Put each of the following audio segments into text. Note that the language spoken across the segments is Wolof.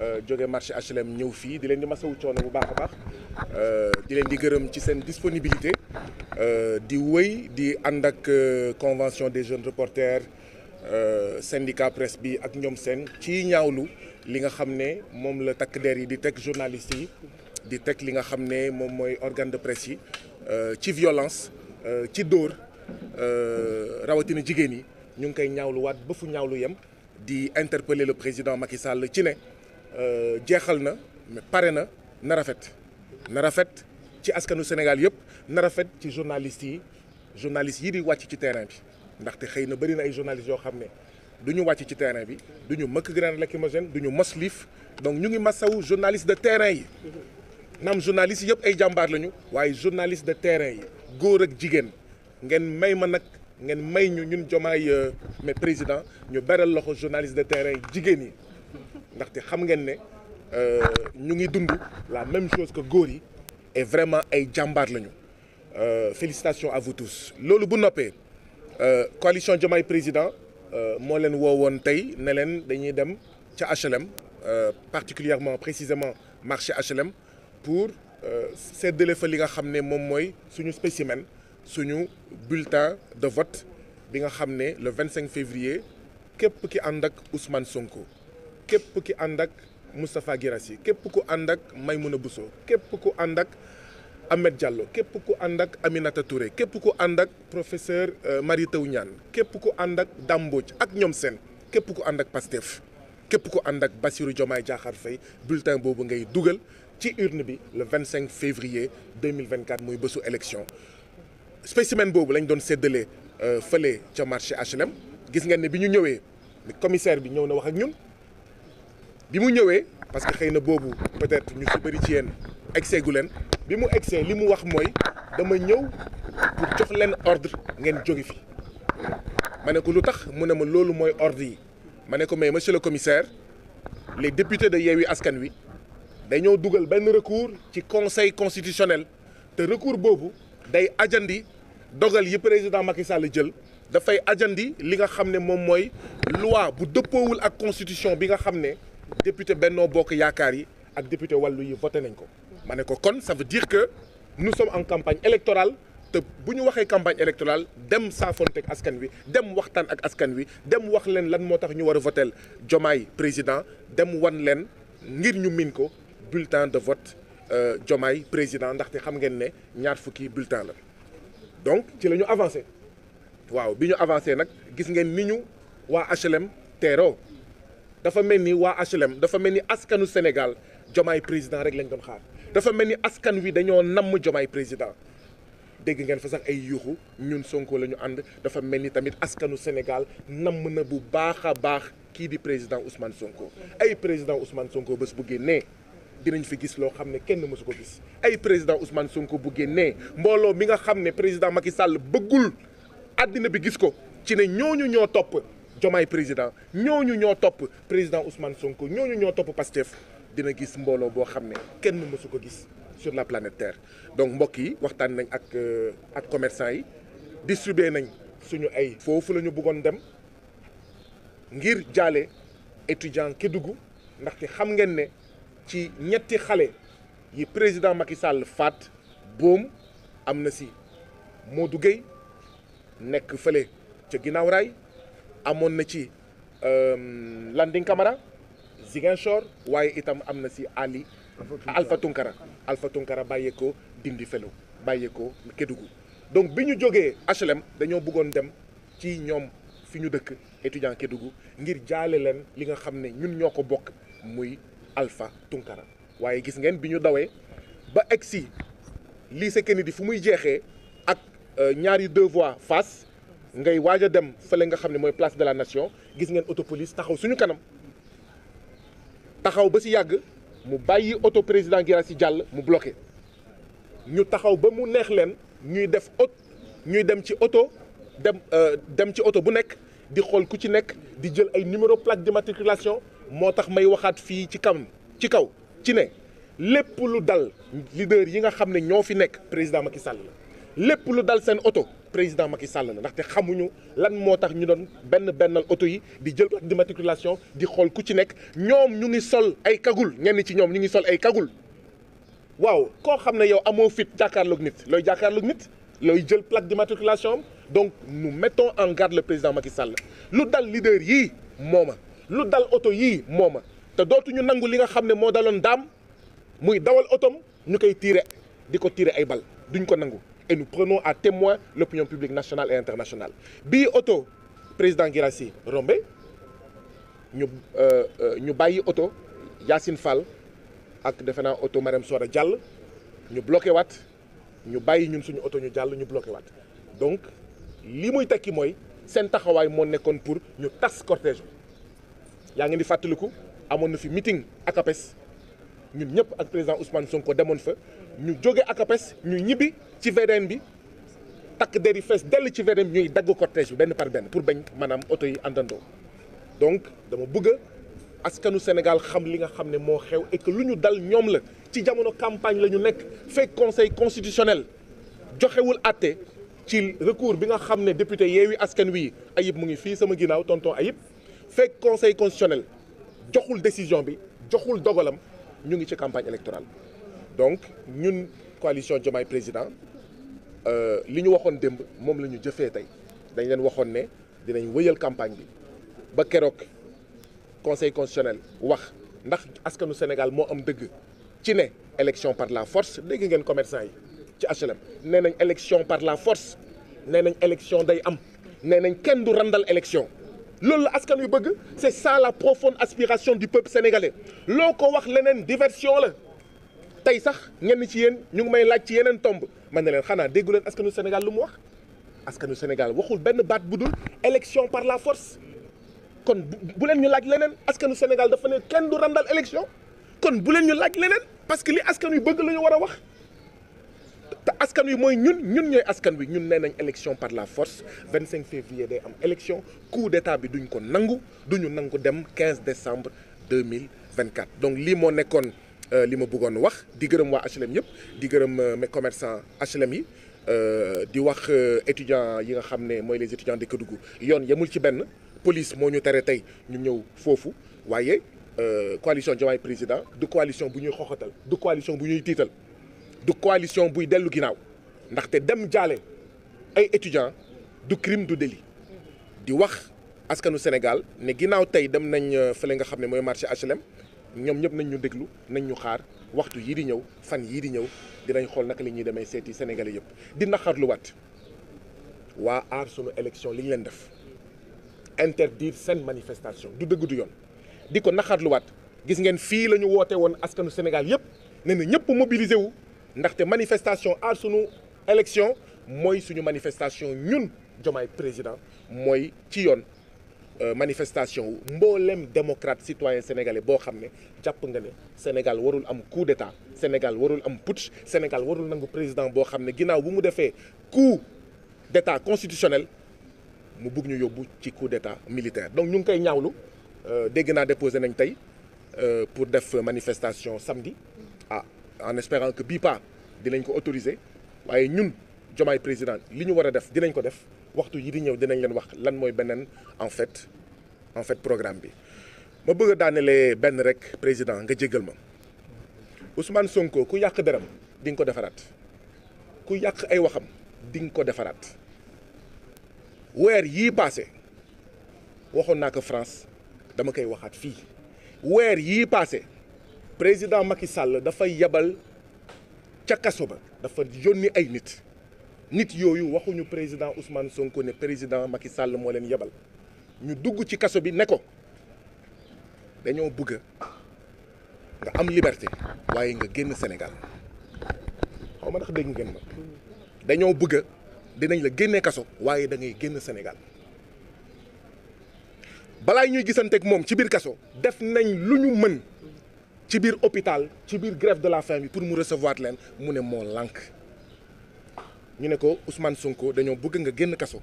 Euh, jóge marché HLM ñëw fii di leen di masawu coono bu baax a baax euh, di leen di gërëm ci seen disponibilité euh, di wëy di ànd ak convention des jeunes reporters syndicat presse bi ak ñoom seen ci ñaawlu li nga xam ne moom la takk der yi di teg journalistes yi di teg li nga xam ne moom mooy organe de presse yi ci violence ci dóor rawatina jigéen yi ñu ngi koy ñaawlu waat ba fu ñaawlu yem di interpeller le président Macky Sall ci ne Euh, jeexal na mais pare na na rafet rafet ci askanu Sénégal yëpp na rafet ci journalistes yi journalistes yi di wàcc ci terrain bi ndaxte xëy na bëri na ay journalistes yoo xam ne du ñu wàcc ci terrain bi du ñu mëkk grenade lacrymogène du ñu mos liif donc ñu ngi masawu journaliste de terrain yi naam journaliste yëpp ay jàmbaar lañu waaye journaliste de terrain yi góor ak jigéen ngeen may ma nag ngeen may ñu ñun jomaay euh, mais président ñu beral loxo journaliste de terrain jigéen yi ndaxte xam ngeen ne euh, ñu ngi dund la même chose que góor yi et vraiment ay jàmbaar lañu euh, félicitations à vous loolu bu noppee euh, coalition Diomaye président moo leen woo woon tey ne leen dañuy dem ca HLM particulièrement précisément marché HLM pour séddale fa li nga xam ne moom mooy suñu spécimen suñu bulletin de vote bi nga xam ne le 25 février képp ki ànd ak Ousmane Sonko. képp ki ànd ak Moustapha Guirassy képp ku ànd ak Maymouna Bousso képp ku ànd ak Ahmed Diallo képp ku ànd ak Aminata Touré képp ku ànd ak professeur euh, Mary Teuw ñaan képp ku ànd ak Dame ak ñoom seen képp ku ànd ak Pastef képp ku ànd ak Bassirou Diomaye Diakhar Faye bulletin boobu ngay dugal ci urne bi le 25 février 2024 muy bésu élection spécimen boobu lañ doon séddalee euh, fële ca marché HLM gis ngeen ne bi ñu ñëwee commissaire bi ñëw na wax ak ñun bi mu ñëwee parce que xëy na boobu peut-être ñu si bëri ci yéen excès gu leen bi mu excès li mu wax mooy dama ñëw pour jox leen ordre ngeen jóge fi ma ne ko lu tax mu ne ma loolu mooy ordre yi ma ne ko mais monsieur le commissaire les député de Yewwi Askan Wi dañoo dugal benn recours ci conseil constitutionnel te recours boobu day ajandi dogal yi président Macky Sall jël dafay ajandi li nga xam ne moom mooy loi bu dëppowul ak constitution bi nga xam ne député Benno Bokk Yaakaar yi ak député wàllu yi vote nañ ko. ma ne ko kon ça veut dire que nous sommes en campagne électorale te bu ñu waxee campagne électorale dem saafonte askan wi dem waxtaan ak askan wi dem wax leen lan moo tax ñu war a votel Jomaay président dem wan leen ngir ñu min ko bulletin de vote Jomaay euh, président ndaxte xam ngeen ne ñaar fukki bulletin la donc ci la ñu avancé waaw bi ñu avancé nag gis ngeen ni ñu waa HLM teeroo. dafa mel ni waa HLM dafa mel ni askanu Sénégal jomaay président rek lañ doon xaar dafa mel ni askan wi dañoo namm jomaay président dégg ngeen fa sax ay yuuxu ñun Sonko la ñu ànd dafa mel ni tamit askanu Sénégal namm na bu baax a baax kii di président Ousmane Sonko ay président Ousmane Sonko bés bu génnee dinañ fi gis loo xam ne kenn mësu ko gis ay président Ousmane Sonko bu génnee mbooloo mi nga xam ne président Macky Sall bëggul àddina bi gis ko ci ne ñooñu ñoo topp Diomaye président ñooñu ñoo topp président Ousmane Sonko ñooñu ñoo topp Pastef dina gis mbooloo boo xam ne kenn mësu ko gis sur la planète donc mbokk yi waxtaan nañ ak euh, ak commerçant yi distribué nañ suñu ay. foofu la ñu bëggoon dem ngir jaale étudiant ndax ndaxte xam ngeen ne ci ñetti xale yi président Macky Sall faat boom am na si moo Gueye nekk fële ca ginnaaw raay. amoon na ci euh, Landing Camara Ziguinchor waaye itam am na si Ali alfa Tunkara alfa Tunkara bàyyee ko Dindi Felo bàyyee ko Kédougou donc bi ñu jógee HLM dañoo bëggoon dem ci ñoom fi ñu dëkk étudiant Kédougou ngir jaale leen li nga xam ne ñun ñoo ko bokk muy alfa Tunkara waaye gis ngeen bi ñu dawee ba egsi lycée Kennedy fu muy jeexee ak euh, ñaari deux voies fas ngay waaj a dem fële nga xam ne mooy place de la nation gis ngeen autopolice taxaw suñu kanam taxaw ba si yàgg mu bàyyi auto président Guirassy jàll mu bloqué ñu taxaw ba mu neex leen ñuy def auto ñuy dem ci auto dem euh, dem ci auto bu nekk di xool ku ci nekk di jël ay numéro plaque d'immatriculation moo tax may waxaat fii ci kaw ci kaw ci ne lépp lu dal leader yi nga xam ne ñoo fi nekk président Macky Sall la lépp lu dal seen auto président Macky sàll na ndaxte xamuñu lan moo tax ñu doon benn bennal oto yi di jël plaque d'immatriculation di xool ku ci nekk ñoom ñu ngi sol ay kagul ñenn ci ñoom ñu ngi sol ay kagul waaw koo xam ne yow amoo fit jàkkaarloog nit looy jàkkaarloog nit looy jël plaque d'immatriculation am donc ñu mettons en garde le président Macky Sall lu dal leader yii mooma lu dal oto yii mooma te dootuñu nangu li nga xam ne moo daloon daam muy dawal otom ñu koy tiire di ko tiire ay bal duñ ko nangu et nous prenons à témoin l'opinion publique nationale et internationale bii oto président Guirassy rombe ñu euh, euh, ñu bàyyi oto Yacine Fall ak defe naa oto Marème Sora jàll ñu bloqué waat ñu bàyyi ñun suñu oto ñu jàll ñu bloqué waat donc lii muy tekki mooy seen taxawaay moo nekkoon pour ñu tas cortège yaa ngi di fàttaliku amoon na fi meeting ak APES ñun ñëpp ak président Ousmane Sonko demoon fa ñu jóge ak APES ñu ñibbi ci VDN bi takk der yi fees dell ci VDN bi ñuy dagg cortège bi benn par benn pour bañ maanaam oto yi àndandoo donc dama bëgg askanu Sénégal xam li nga xam ne moo xew ekk lu ñu dal ñoom la ci jamono campagne la ñu nekk fekk conseil constitutionnel joxewul àtte ci recours bi nga xam ne député Yewwi Askan Wi Ayib mu ngi fii sama ginnaaw tonton Ayib fekk conseil constitutionnel joxul décision bi joxul dogalam ñu ngi ci campagne électorale donc ñun coalition Diomaye président euh, li ñu waxoon démb moom la ñu jëfee tey dañ leen waxoon ne dinañ wëyal campagne bi ba keroog conseil constitutionnel wax ndax askanu Sénégal moo am dëgg ci ne élection par la force léegi ngeen commerçant yi ci HLM nee nañ élection par la force nee nañ élection day am nee nañ kenn du randal élection loolu la askan wi bëgg c'est ça la profonde aspiration du peuple sénégalais loo ko wax leneen diversion la tey sax ñenn ci yéen ñu ngi may laaj ci yeneen tomb man ne leen xanaa déggu leen askanu Sénégal lu mu wax askanu Sénégal waxul benn baat bu dul élection par la force kon bu bu leen ñu laaj leneen askanu Sénégal dafa ne kenn du randal élection kon bu leen ñu laaj leneen parce que li askan wi bëgg la ñu war a wax askan wi mooy ñun ñun ñooy askan wi ñun nee nañ élection par la force 25 février day am élection coup d'état bi duñ ko nangu duñu nangu dem 15 décembre 2024 donc lii moo nekkoon euh, li ma bëggoon wax di gërëm waa HLM yëpp di gërëm euh, mes commerçants HLM yi euh, di wax étudiants yi nga xam ne mooy les étudiants de Kédougou yoon yemul ci benn police moo ñu tere tey ñu ñëw foofu waaye coalition Diomaye président du coalition bu ñuy xoxatal du coalition bu ñuy tiital du coalition buy dellu ginnaaw ndaxte dem jaale ay étudiants du crime du délit di wax askanu Sénégal ne ginnaaw tey dem nañ euh, fële nga xam ne mooy marché HLM ñoom ñëpp nañ ñu déglu nañ ñu xaar waxtu yii di ñëw fan yii di ñëw dinañ xool naka li ñuy demee seeti Sénégalais yëpp di naqarluwaat waa aar sunu élection li ñu leen def interdire sen manifestation du dëgg du yoon di ko naqarluwaat gis ngeen fii la ñu woote woon askanu Sénégal yëpp ne na ñëpp mobiliser wu. ndaxte manifestation aar sunu élection mooy suñu manifestation ñun Diomaye président mooy ci yoon euh, manifestation wu mboolem démocrate citoyen sénégalais boo xam ne jàpp nga ne Sénégal warul am coup d'état Sénégal warul am putsch Sénégal warul nangu président boo xam ne ginnaaw bu mu defee coup d'état constitutionnel mu bugg ñu yóbbu ci coup d'état militaire donc ñu ngi koy ñaawlu euh, dégg naa déposé nañ tey euh, pour def manifestation samedi en espérant que bii pas dinañ ko autorisé waaye ñun jomaay président li ñu war a def dinañ ko def waxtu yi di ñëw dinañ leen wax lan mooy beneen en fait en fait programme bi ma bëgg a daanelee benn rek président nga jéggal ma Ousmane Sonko ku yàq deram di ko defaraat ku yàq ay waxam di ko defaraat weer yii passé waxoon naa ko France dama koy waxaat fii weer yii passé président Macky sàll dafa yebal ca kaso ba dafa yónni ay nit nit yooyu waxuñu président Ousmane Sonko ne président Macky sàll moo leen yebal ñu dugg ci kaso bi ne ko dañoo bëgg nga am liberté waaye nga génn Sénégal xaw ma ndax dégg ngeen ma dinañ la génnee kaso waaye dangay génn Sénégal balaa ñuy gisanteeg moom ci biir kaso def nañ lu ñu mën ci biir hôpital ci biir grève de la faim bi pour mu recevoir leen mu ne moo lànk ñu ne ko Ousmane Sonko dañoo bëgg nga génn kaso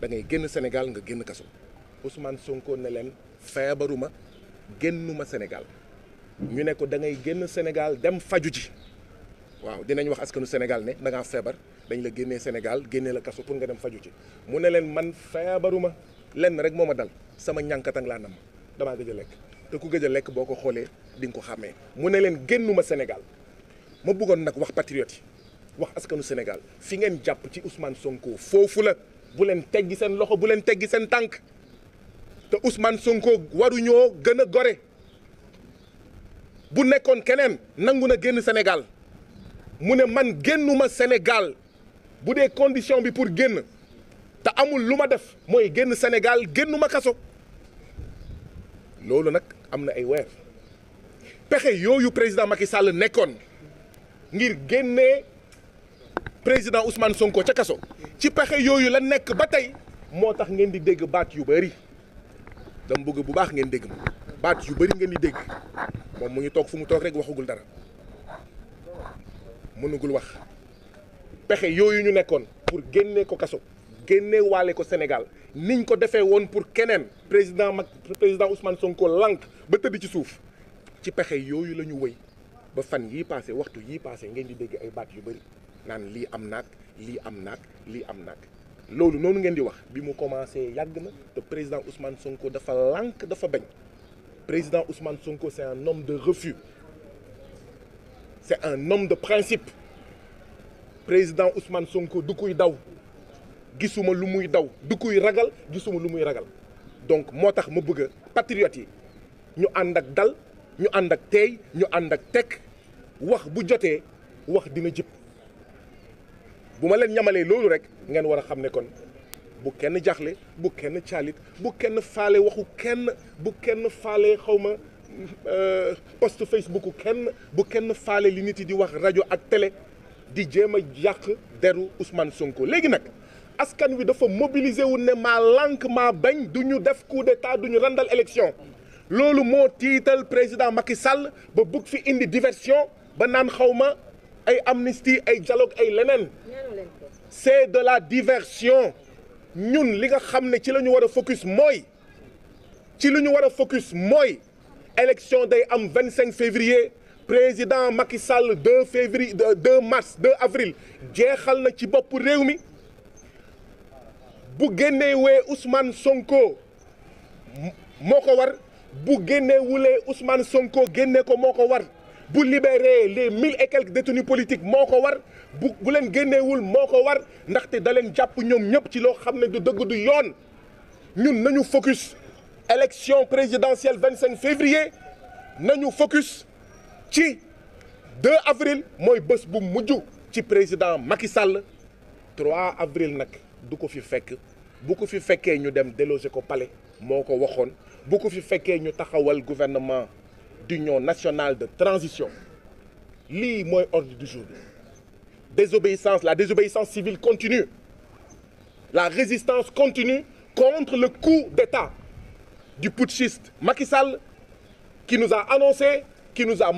da ngay génn senegal nga génn kaso Ousmane Sonko ne leen feebaruma génnuma senegal ñu ne ko dangay génn senegal dem faju ji waaw dinañ wax askanu Sénégal ne da ngaa feebar dañ la génnee Sénégal génne la kaso pour nga dem faju ci mu ne leen man feebaruma lenn rek moo ma dal sama ñànkatang laa nam damaa gëj lekk te ku gëj a lekk boo ko xoolee dinga ko xàmmee mu ne leen génnuma Sénégal ma buggoon nag wax patriote yi wax askanu Sénégal fi ngeen jàpp ci Ousmane Sonko foofu la bu leen teggi seen loxo bu leen teggi seen tànk te sonkoo waru waruñoo gën a gore bu nekkoon keneen nangu na génn Sénégal mu ne man génnuma Sénégal bu dee condition bi pour génn te amul lu ma def mooy génn Sénégal génnuma kaso loolu nag am na ay weer pexe yooyu président Macky Sall nekkoon ngir génnee président Ousmane Sonko ca kaso ci pexe yooyu la nekk ba tey moo tax ngeen di dégg baat yu bëri dama bëgg bu baax ngeen dégg ma baat yu bëri ngeen di dégg moom mu ngi toog fu mu toog rekk waxagul dara mënugul wax pexe yooyu ñu nekkoon pour génnee ko kaso génne waale ko Sénégal niñ ko defee woon pour keneen président Macky président Ousmane Sonko lank ba tëdd ci suuf ci pexe yooyu la ñu wëy ba fan yii passé waxtu yii passé ngeen di dégg ay baat yu bëri naan lii am naag lii am naag lii am naag loolu noonu ngeen di wax bi mu commencé yàgg na te président Ousmane Sonko dafa lànk dafa bañ président Ousmane Sonko c'est un homme de refus c'est un homme de principe président Ousmane Sonko du kuy daw gisuma lu muy daw du kuy ragal gisuma lu muy ragal donc moo tax ma bëgg a patriote yi ñu ànd ak dal ñu ànd ak teey ñu ànd ak tek wax bu jotee wax dina jib bu ma leen ñamalee loolu rek ngeen war a xam ne kon bu kenn jaxle bu kenn caalit bu kenn faale waxu kenn bu kenn faale xawma euh, post Facebook kenn bu kenn faale li nit yi di wax rajo ak télé di jéem a yàq deru Ousmane Sonko léegi nag askan wi dafa mobiliser wu ne maa lànk maa bañ du ñu def coup d'état du ñu randal élection loolu moo tiital président Macky Sall ba bugg fi indi diversion ba naan xawma ay amnisti ay dialogue ay leneen c'est de la diversion ñun li nga xam ne ci lañu ñu war a focus mooy ci lu ñu war a focus mooy élection day am vingt cinq février président Macky Sall 2 février 2 mars 2 avril jeexal na ci bopp réew mi bu génnewee Ousmane Sonko moo ko war bu génnewulee Ousmane Sonko génne ko moo ko war bu libéré les mille et quelques détenus politiques moo ko war bu bu leen génnewul moo ko war ndaxte da leen jàpp ñoom ñëpp ci loo xam ne du dëgg du yoon ñun nañu focus élection présidentielle 25 février nañu focus ci 2 avril mooy bés bu mujj ci président Macky Sall 3 avril nag du ko fi fekk bu ko fi fekkee ñu dem déloger ko palais moo ko waxoon bu ko fi fekkee ñu taxawal gouvernement d'union nationale de transition lii mooy ordre du jour bi désobéissance la désobéissance civile continue la résistance continue contre le coup d'État du putschiste Macky Sall qui nous a annoncé qui nous a